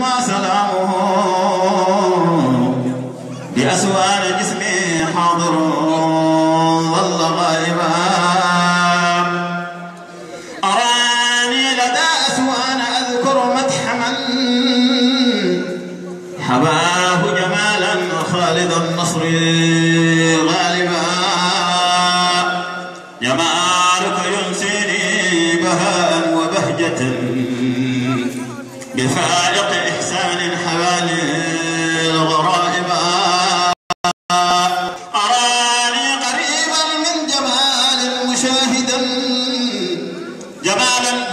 ما سلامه بأسوار جسمي حاضر jamaalan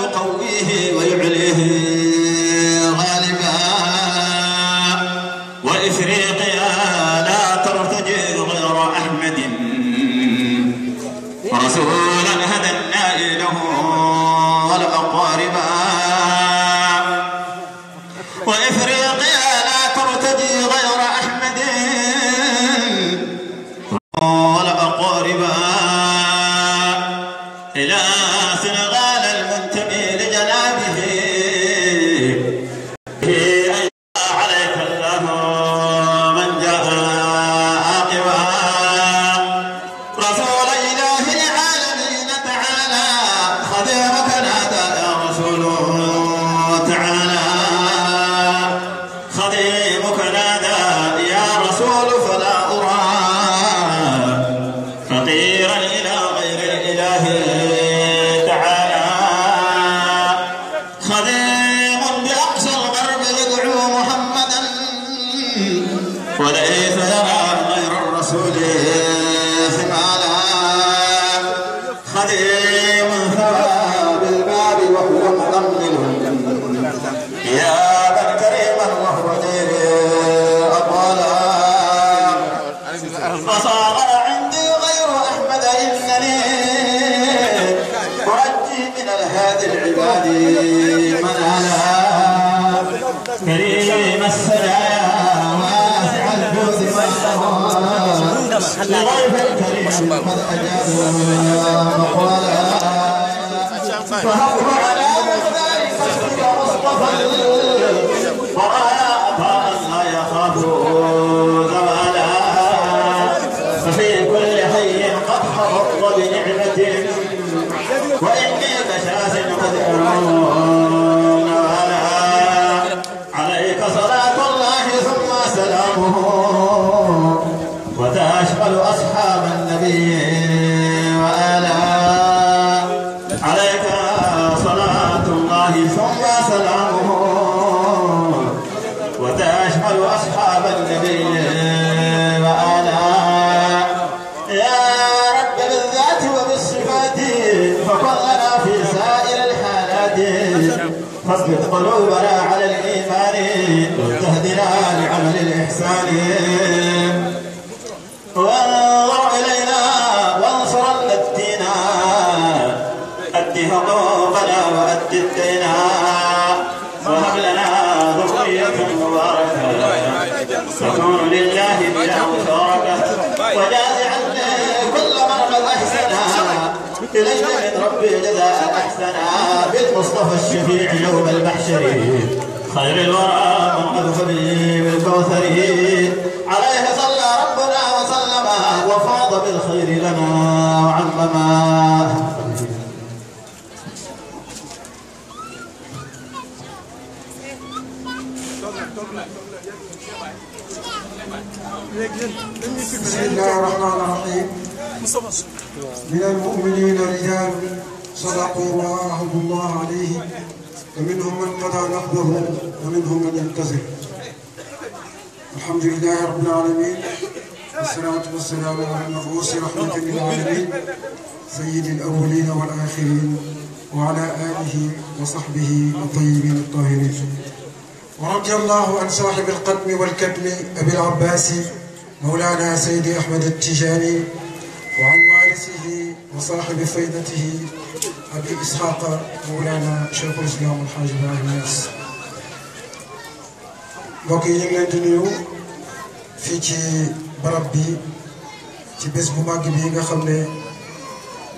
قديما على كريم السجايا واسع الجود والثواب لغيب الكريم قد اجاب مقولا فهب على ذلك مصطفى وعلى عطاء لا يخافون وأتي حقوقنا وأتي الدينا وهب لنا ذرية مباركة تكون لله بلا مشاركة وجاز عنا كل من قد أحسنها إلينا من ربي جزاء أحسنا بالمصطفى الشفيع يوم المحشر خير الورى من قذف به بالكوثر عليه صلى ربنا وسلم وفاض بالخير لنا وعلمنا بسم الله الرحمن الرحيم من المؤمنين رجال صدقوا ما عهد الله عليه فمنهم من قضى نحبه ومنهم من ينتظر الحمد لله رب العالمين والصلاة والسلام على المبعوث رحمة للعالمين سيد الأولين والآخرين وعلى آله وصحبه الطيبين الطاهرين ورضي الله عن صاحب القدم والكتم أبي العباس مولانا سيدي أحمد التجاني وعن وارثه وصاحب فيضته أبي إسحاق مولانا شيخ الإسلام الحاج إبراهيم نياس mbokk yi ñu ngi leen di nuyu fii ci barab bi ci bés bu màgg bi nga xam ne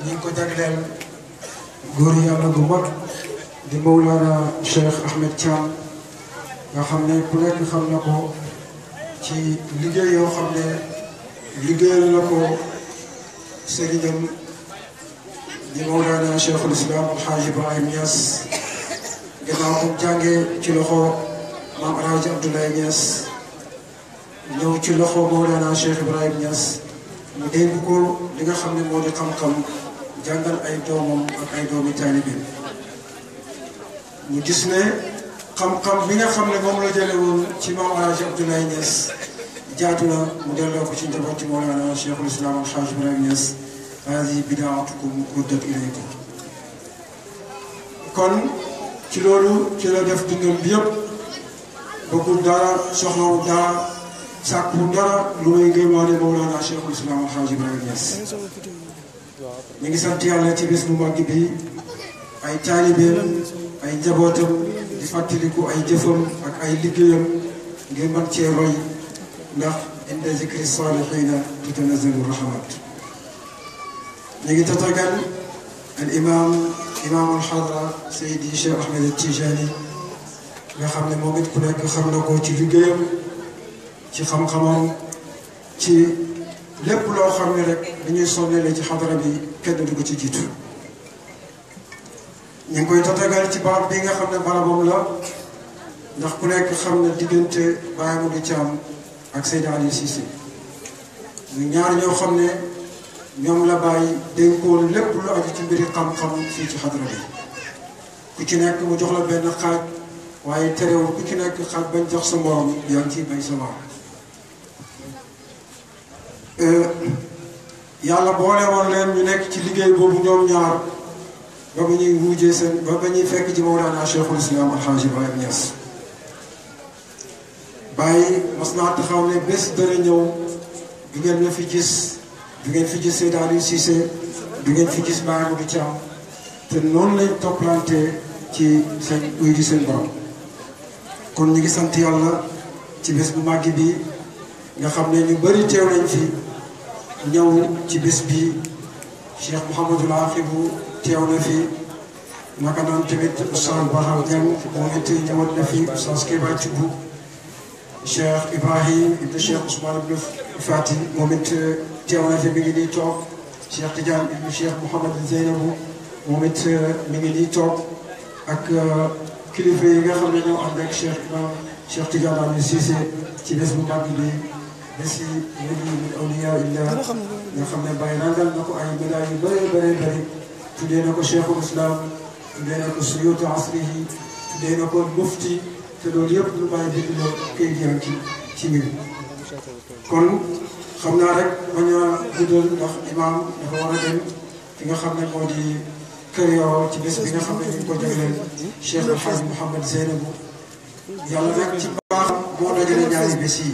ñu ngi ko jagleel góor yàlla Ahmed Thiam nga xam ne ku nekk xam na ci liggéey yoo xam ne liggéeyal na ko sëriñam di Mawlana Cheikhul Islam Alhaji Ibrahim Niass gannaaw ko jàngee ci loxo maam Alhaji Abdoulaye Niass ñëw ci loxo Mawlana Cheikh Ibrahim Niass mu dégg ko li nga xam ne moo di xam-xam jàngal ay doomam ak ay doomi taalibe mu gis ne xam-xam bi nga xam ne moom la jële woon ci maam Alaaji Abdoulaye Niass jaatu na mu delloo ko ci njaboot ci Mawlana Cheikhul Islam Alhaaj Ibrahima Niass haadi bidaatukum uddat ilaykum kon ci loolu ci la def dundam bi yëpp bëggul dara soxlawu dara sàkku dara lu may ngëmaane Mawlana Cheikhul Islam Alhaaj Ibrahima Niass ñu ngi sant yàlla ci bés bu màgg bi ay taalibeem ay njabootam fàttaliku ay jëfam ak ay liggéeyam ngir mën cee roy ndax de zikri saalihiina tutanazzalu rahmat ñu ngi tatagal al imam imam al xadra Seydi Cheikh Ahmed Tijani nga xam ne moom it ku nekk xam na ko ci liggéeyam ci xam-xamam ci lépp loo xam ne rek dañuy sonnele ci xadara bi kenn du ko ci jiitu ñu ngi koy tatagal ci barab bi nga xam ne barabam la ndax ku nekk xam ne diggante Baye Modou Thiam ak Seydi Aliou Cissé ñu ñaar ñoo xam ne ñoom la bàyyi dénkoon lépp lu aju ci mbiri xam-xam fii ci xadra bi ku ci nekk mu jox la benn xaaj waaye terewul ku ci nekk xaaj bañ jox sa morom yaa ngi ciy bay sa waar euh, yàlla boole woon leen ñu nekk ci liggéey boobu ñoom ñaar ba ba ñuy wujjee seen ba ba ñuy fekk ci Mawlana Cheikhul Islam Alhaaj Ibrahim Niass bàyyi mas naa taxaw ne bés dana ñëw du ngeen la fi gis du ngeen fi gis Seydou di Cissé du ngeen fi gis Baye Amadou Thiam te noonu lañ topplante ci seen uy seen borom kon ñu ngi sant yàlla ci bés bu màgg bi nga xam ne ñu bari teew nañ fi ñëw ci bés bi Cheikh Mouhamadul Aaqib teew na fi naka noonu tamit Oustaz Bahar Diagne moo ngi tey ñëwoon na fi Oustaz Kéba Thioub Cheikh Ibrahim ibn Cheikh Ousmane ibn Fati moom it euh, teew na fi mi ngi nii toog Cheikh Tidiane ibn Cheikh Mouhamad Zeynabu moom it euh, mi ngi ak euh, kilifa yi nga xam ne ñoo ànd ak Cheikh Ibrahim Cheikh Tidiane Aliou Cissé ci bés bu mag bi bés yi mu xam ne bàyyi naa dal na ay médailles yu bëree bëree tuddee na ko cheikhul islam tuddee na ko suyuutu asrihi na ko mufti te yëpp lu may bind loolu kay jëm ci ci mbir kon xam naa rek bañ a guddal nga xam ne moo di kër yoo ci bés bi nga xam ne ñu ngi ko jagleel cheikh alxaaj Mouhamed Zeynabu yàlla nag ci baax moo dajale ñaari bés yi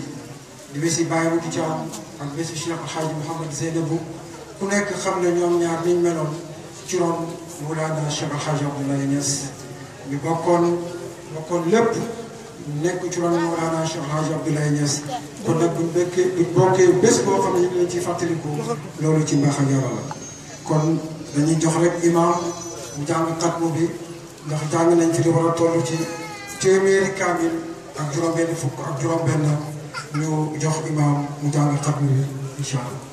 di bés yi bàyyi bu am ak bésu cheikh alxaaj Mouhamed Zeynabu ku nekk xam ne ñoom ñaar niñ meloon ci ron Mawlana Cheikh El Hadj Abdoulaye Niass ñu bokkoon bokkoon lépp nekk ci ron Mawlana Cheikh El Hadj Abdoulaye Niass kon nag buñ bokkee bés boo xam ne ñu leen ciy fàttaliku loolu ci mbaax ak yàlla la kon dañuy jox rek imaam mu jàng xatmu ndax jàng nañ ci li war a toll ci téeméeri kaamil ak juróom-benn fukk ak juróom-benn ñu jox imaam mu jàng xatmu bi incha allah.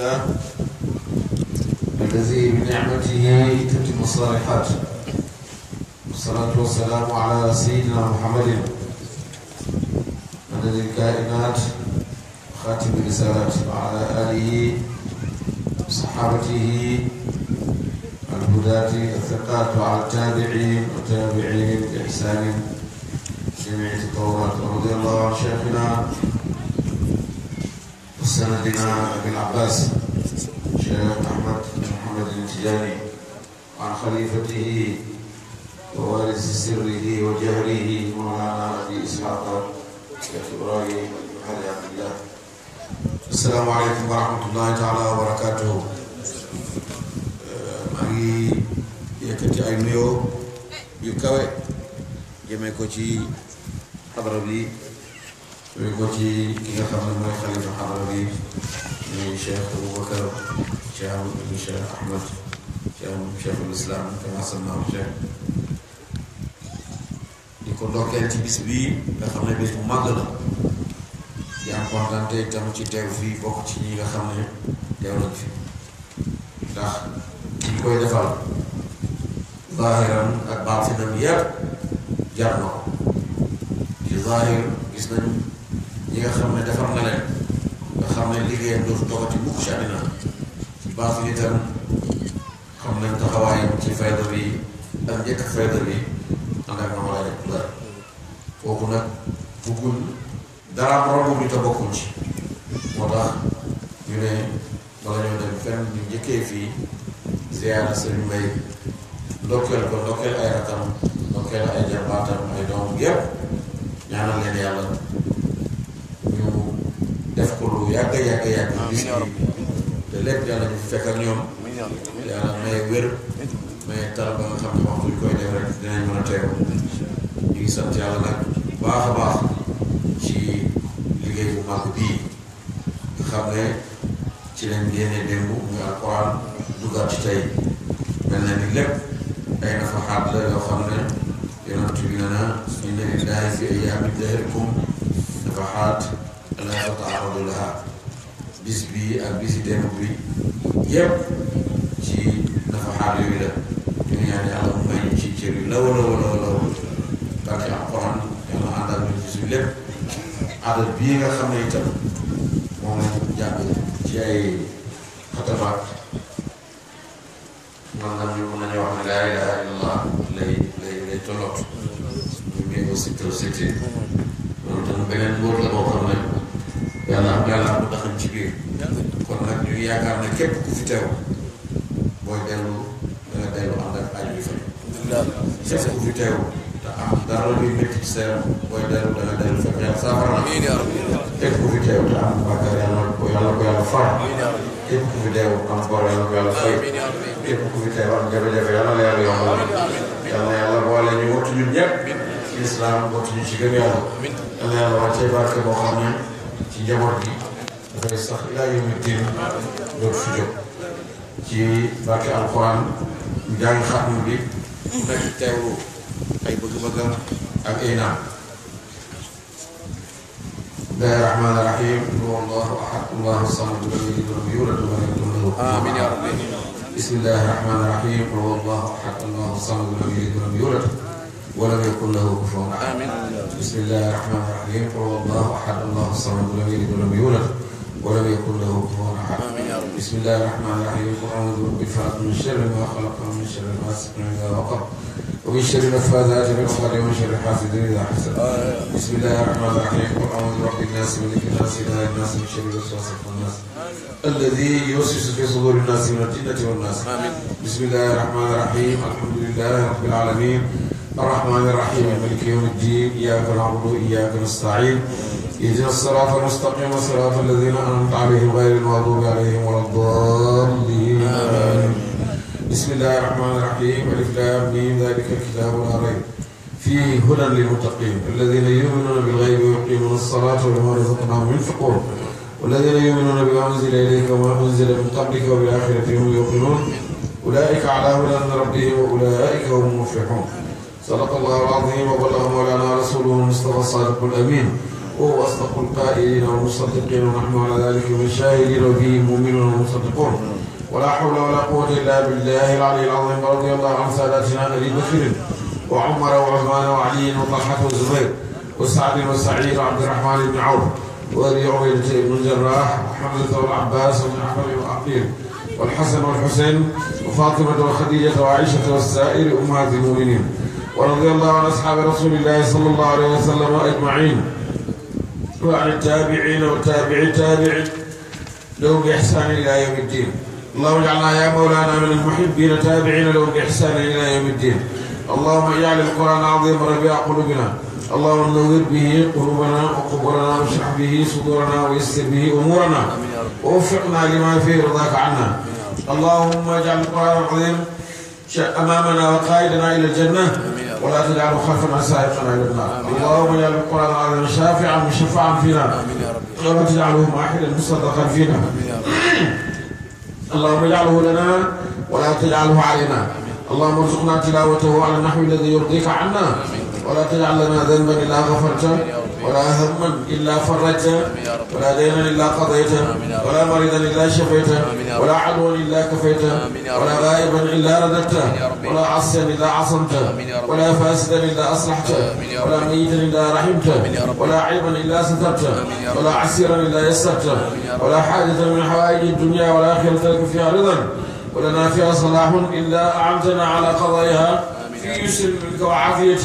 الله الذي بنعمته تتم الصالحات والصلاة والسلام على سيدنا محمد عدد الكائنات خاتم الرسالات وعلى آله وصحابته الهداة الثقات وعلى التابعين وتابعين بإحسان جميع التطورات رضي الله عن شيخنا سندنا ابي العباس الشيخ احمد بن محمد التجاني عن خليفته ووارث سره وجهره مولانا ابي اسحاق الشيخ ابراهيم بن عبد الله السلام عليكم ورحمه الله تعالى وبركاته ماغي يكتي اي نيو yu kawe jëmee ko ci xadra bi ñu ko ci ki nga xam ne mooy xalifa xamal bi muy cheikh Aboubacar Ahmad cheikh cheikhul islam kama samaam cheikh di ko ndokkeel ci bis bii nga xam ne bis bu màgg la di am kontaan te itam ci teew fii bokk ci ñi nga xam ne teew lañ fi ndax ñi koy defal zahiran ak baatinam yépp jar na ko ci gis nañ ñi nga xam ne defar na leen nga xam ne liggéeyam dootu toogati mukk ci àddina baax yi itam xam nañ taxawaayam ci fayda bi ak njëkk fayda bi ak moom laa def dara kooku nag buggul dara moromam yi ci moo tax ñu ne bala ñoo fenn ñu njëkkee fii ziyaara Sëriñ Mbay ndokkeel ko ndokkeel ay rakkam ndokkeel ay jarbaatam ay doom yépp yàgg yàgg ah, gis te lépp yàlla ñu fekk ak ñoom yàlla may wér may tal ba nga xam ne waxtu ñu koy def rek dinañ mën a teew ñu ngi sant yàlla nag baax a baax ci liggéey bu mag bii nga xam ne ci lañ démb nga alquran dugaat tey mel na ni lépp ay na fa xaat la yoo xam ne yonent bi nee na inna lillahi fi ayyamin dahrikum nafahaat laa tata'arradu lahaa bis bi ak bisi démb bi yépp ci dafa xaar yooyu la ñu ngi ñaan mu may ci cër yu law law law law barke alquran yàlla àndal ñu ci suñu lépp àndal bii nga xam ne itam moom lañ jàng ci ay xatamaat man nag ñu mën nañu wax ne laa ilaha illallah lay lay lay tolloot ñu ngi ko sittal sitte loolu tam beneen wóor la boo xam ne yàlla am yàlla am lu daxañ ci biir kon nag ñu yaakaar ne képp ku fi teew am dara luy métti ci sa yaram booy na am bàkkaar yàlla ko yàlla ko yàlla far képp ku fi teew am bor yàlla ko am jafe ñu wattu ñun ñëpp lislaam wattu xam ne ci njaboot bi dafay sax ilaa yawmi diin dootu fi jóg ci barke alxuraan ñu jàng xatma bi nekk teewlu ay bëgg-bëggam ak ay naam bismillahi rahmaani rahim allahu ahad allahu samad lam yalid wa lam yulad wa lam yakun lahu amiin yaa rabbi bismillahi rahmaani rahim allahu ahad allahu samad lam yalid wa lam yulad wa lam yakun lahu kufuwan ahad bismillaahi rahmaani rahiim qul huwallaahu ahad allaahu samad lam yalid wa lam yuulad wa lam yakun lahu kufuwan ahad bismillaahi rahmaani rahiim qul a'uudu bi rabbil falaq min sharri maa khalaq wa min sharri gaasiqin idhaa waqab wa min sharri naffaathaati fil 'uqad wa min sharri haasidin idhaa hasad bismillaahi rahmaani rahiim qul a'uudu bi rabbin naas malikin naas ilaahin naas min sharri l-waswaasil khannaas الذي يوسوس في صدور الناس من الجنة والناس بسم الله الرحمن الرحيم الحمد لله رب العالمين الرحمن الرحيم مالك يوم الدين إياك نعبد وإياك نستعين اهدنا الصراط المستقيم صراط الذين أنعمت عليهم غير المغضوب عليهم ولا الضالين بسم الله الرحمن الرحيم ألف لام ميم ذلك الكتاب لا ريب فيه هدى للمتقين الذين يؤمنون بالغيب ويقيمون الصلاة وبما رزقناهم ينفقون والذين يؤمنون بما أنزل إليك وما أنزل من قبلك وبالآخرة هم يوقنون أولئك على هدى من ربهم وأولئك هم المفلحون صدق الله العظيم وبلغ مولانا رسوله المصطفى الصادق الامين وهو اصدق القائلين والمصدقين ونحن على ذلك من الشاهدين وفيه مؤمنون ومصدقون ولا حول ولا قوه الا بالله العلي العظيم رضي الله عن ساداتنا ابي بكر وعمر وعثمان وعلي وطلحه والزبير وسعد وسعيد وعبد الرحمن بن عوف وابي عبيده بن الجراح وحمزه والعباس وابن احمد والعقيل والحسن والحسين وفاطمه وخديجه وعائشه والسائر امهات المؤمنين ورضي الله عن أصحاب رسول الله صلى الله عليه وسلم أجمعين وعن التابعين وتابعي التابعين لهم بإحسان إلى يوم الدين اللهم اجعلنا يا مولانا من المحبين تابعين لهم بإحسان إلى يوم الدين اللهم اجعل القرآن العظيم ربيع قلوبنا اللهم نور به قلوبنا وقبورنا واشرح به صدورنا ويسر به أمورنا ووفقنا لما فيه رضاك عنا اللهم اجعل القرآن العظيم أمامنا وقائدنا إلى الجنة ولا تجعل خلفنا سائقنا لله اللهم اجعل القران العظيم شافعا مشفعا فينا ولا تجعله ماحلا مصدقا فينا اللهم اجعله لنا ولا تجعله علينا اللهم ارزقنا تلاوته على النحو الذي يرضيك عنا ولا تجعل لنا ذنبا الا غفرته ولا هما إلا فرجت ولا دينا إلا قضيت ولا مريضا إلا شفيت ولا عدوا إلا كفيت ولا غائبا إلا رددت ولا عصيا إلا عصمت ولا فاسدا إلا أصلحت ولا ميتا إلا رحمت ولا عيبا إلا سترت ولا عسيرا إلا يسرت ولا حادثا من حوائج الدنيا والآخرة لك فيها رضا ولنا فيها صلاح إلا أعنتنا على قضائها في يسر منك وعافية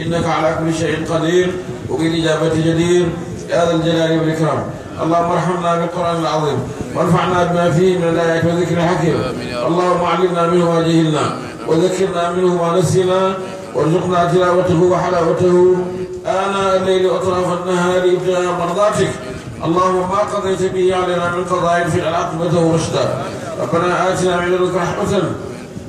إنك على كل شيء قدير وبالإجابة جدير يا ذا الجلال والإكرام اللهم ارحمنا بالقرآن العظيم وانفعنا بما فيه من الآيات والذكر الحكيم اللهم علمنا منه ما جهلنا وذكرنا منه ما نسينا وارزقنا تلاوته وحلاوته آناء الليل وأطراف النهار ابتغاء مرضاتك اللهم ما قضيت به علينا من قضاء في العاقبة ورشدا ربنا آتنا من لدنك رحمة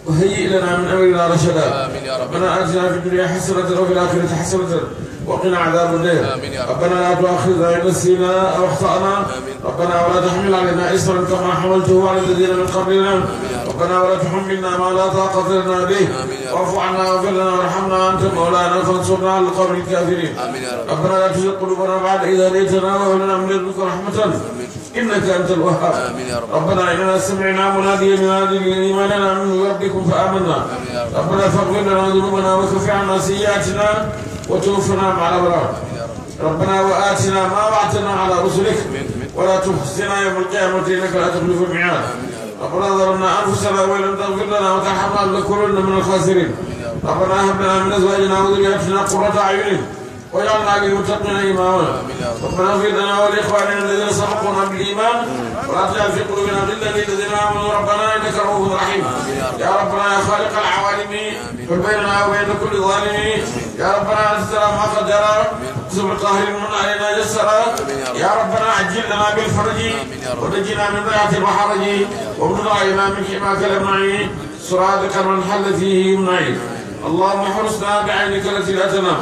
وهيئ لنا من امرنا رشدا ربنا اتنا في الدنيا حسنه وفي الاخره حسنه وقنا عذاب النار ربنا لا تؤاخذنا ان نسينا او اخطانا ربنا ولا تحمل علينا اصرا كما حملته على الذين من قبلنا ربنا ولا تحملنا ما لا طاقه لنا به واعف عنا واغفر لنا وارحمنا انت مولانا فانصرنا على القوم الكافرين ربنا لا تزغ قلوبنا بعد اذا هديتنا وهب لنا من لدنك رحمه إنك أنت الوهاب ربنا إننا سمعنا مناديا ينادي بالإيمان لنا من ربكم فآمنا ربنا فاغفر لنا ذنوبنا وكف عنا سيئاتنا وتوفنا مع الأبرار ربنا وآتنا ما وعدتنا على رسلك ولا تخزنا يوم القيامة إنك لا تخلف الميعاد ربنا ظلمنا أنفسنا وإن لم تغفر لنا وترحمنا لنكونن من الخاسرين ربنا هب لنا من أزواجنا وذرياتنا قرة أعين واجعلنا للمتقين إماما ربنا اغفر لنا ولإخواننا الذين سبقونا بالإيمان ولا تجعل في قلوبنا غلا للذين آمنوا ربنا إنك رؤوف رحيم يا ربنا يا خالق العوالم قل بيننا وبين كل ظالم يا ربنا أنزل ما قدر سبع طاهر من علينا يسرا يا ربنا عجل لنا بالفرج ونجينا من ضيعة الحرج ومن علينا من حماك الأمعي صراطك من حل فيه يمنعي اللهم حرسنا بعينك التي لا تنام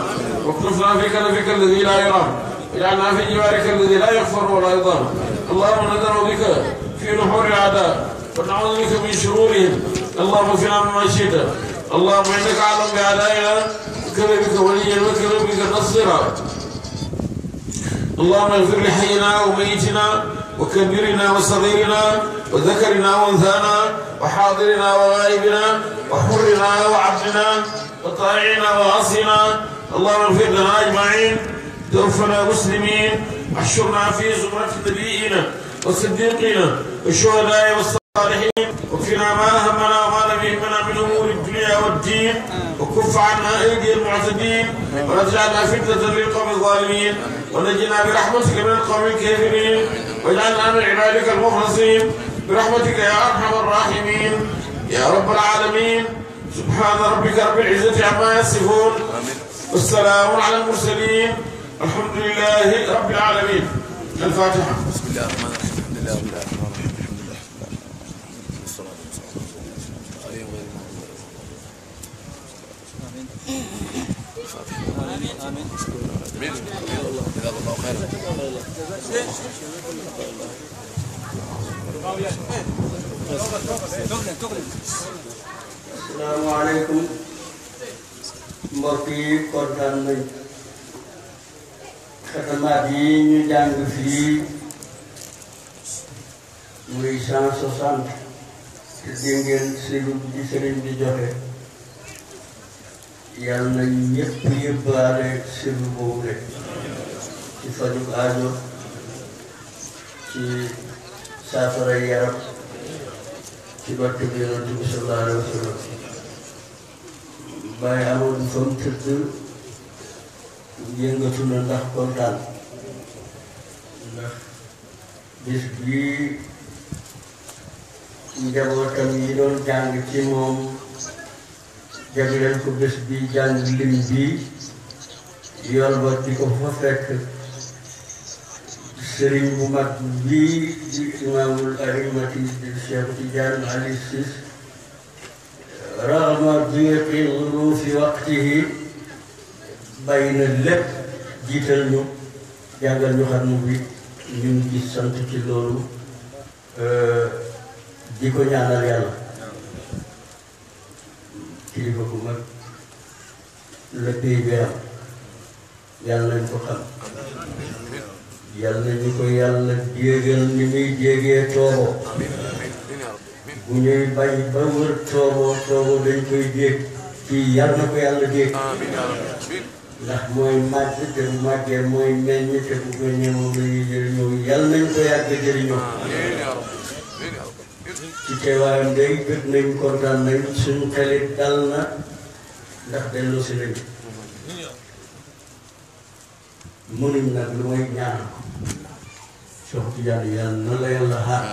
واكتب لنا فيك نفيك الذي لا يراه واجعلنا في جوارك الذي لا يغفر ولا يضام اللهم ندعو بك في نحور العداء ونعوذ بك من شرورهم اللهم فينا مما شئت اللهم انك اعلم باعدائنا كذبك وليا وكذبك نصيرا اللهم اغفر لحينا وميتنا وكبيرنا وصغيرنا وذكرنا وانثانا وحاضرنا وغائبنا وحرنا وعبدنا وطائعنا وعصينا اللهم اغفر لنا اجمعين توفنا مسلمين واحشرنا في زمرة نبينا وصديقنا والشهداء والصالحين وقنا ما همنا وما لم يهمنا من امور الدنيا والدين وكف عنا ايدي المعتدين ولا تجعلنا فتنة للقوم الظالمين ونجنا برحمتك من القوم الكافرين واجعلنا من عبادك المخلصين برحمتك يا ارحم الراحمين يا رب العالمين سبحان ربك رب العزة عما يصفون والسلام على المرسلين الحمد لله رب العالمين الفاتحة بسم الله الرحمن الرحيم الحمد لله رب العالمين Thank you. salaamaaleykum mbokk yi kontaan nañ xatamaat yi ñu jàng fii muy cent soixante te dégg ngeen sëriñ bi sëriñ bi joxe yàlla nañ ñëpp yëbbaale sëriñ boobu rek ci fajuk aajo ci saafara yaram ci barke bi yonent bi sallallahu alayhi wa sallam bàyyi amoon fa mu tëdd yëngatu na ndax kontaan ndax bis bii njabootam yi doon jàng ci moom jagleen ko bi jàng lim bii yoon ba di ko fa fekk sëriñ bu mag bii di imaamul arimati di Cheikh Tidiane رغم ضيق الظروف وقته bàyyi na lépp jiital ñu jàngal ñu xam bi ñu ngi sant ci loolu euh, di ko ñaanal yàlla kilifa bu mag la bi am yàlla nañ ko xam yàlla ñu ko yàlla jéegal ni muy jégee toobo mu ñuy bay ba wër toobo toobo dañ koy déeg kii yàlla na ko yàlla déeg ndax mooy màgg te bu màggee mooy meññ te bu meññee moom la ñuy jëriñoo yàlla nañ ko yàgg jëriñoo ci teewaayam day gët nañ kontaan nañ suñu xelit dal na ndax delloo si lañ mënuñ nag lu may ñaan ko soxna yàlla na la yàlla xaar.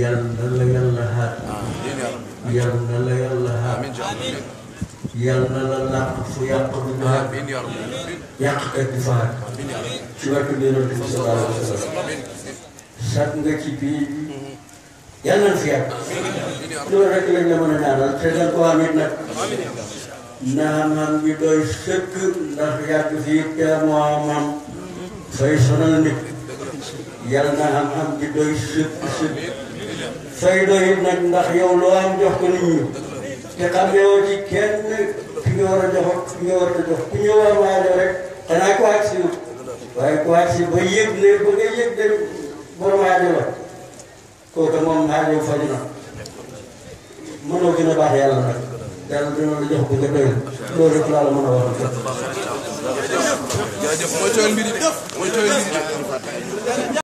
yal na la yàlla xaar yal na la yàlla xaar yal na la làq fu yàq du baax yàqkat du baax ci wetu Yonent bi sallallahu alayhi wa sallam sàkk nga ci bii yal na fi yàq loolu rek lañ la mën a ñaanal te da ko amit nag naamam bi doy sëkk ndax yàgg fii te moo mam fay sonal nit yal na am am bi doy sëkk sëkk sooy doyit nag ndax yow loo am jox ko nit ñi te xamewoo ci kenn nga war a jox ak nga war a jox ku ñu war laa jox rek xanaa ku àgg si waaye ku àgg si ba yëg ne ba nga yëg dem borom aajo la kooku moom aajo faj na mënoo gën a baax yàlla nag yàlla dina la jox ko nga doyul loolu rek laa la a wax. mooy cooy mbir mooy cooy mbir yi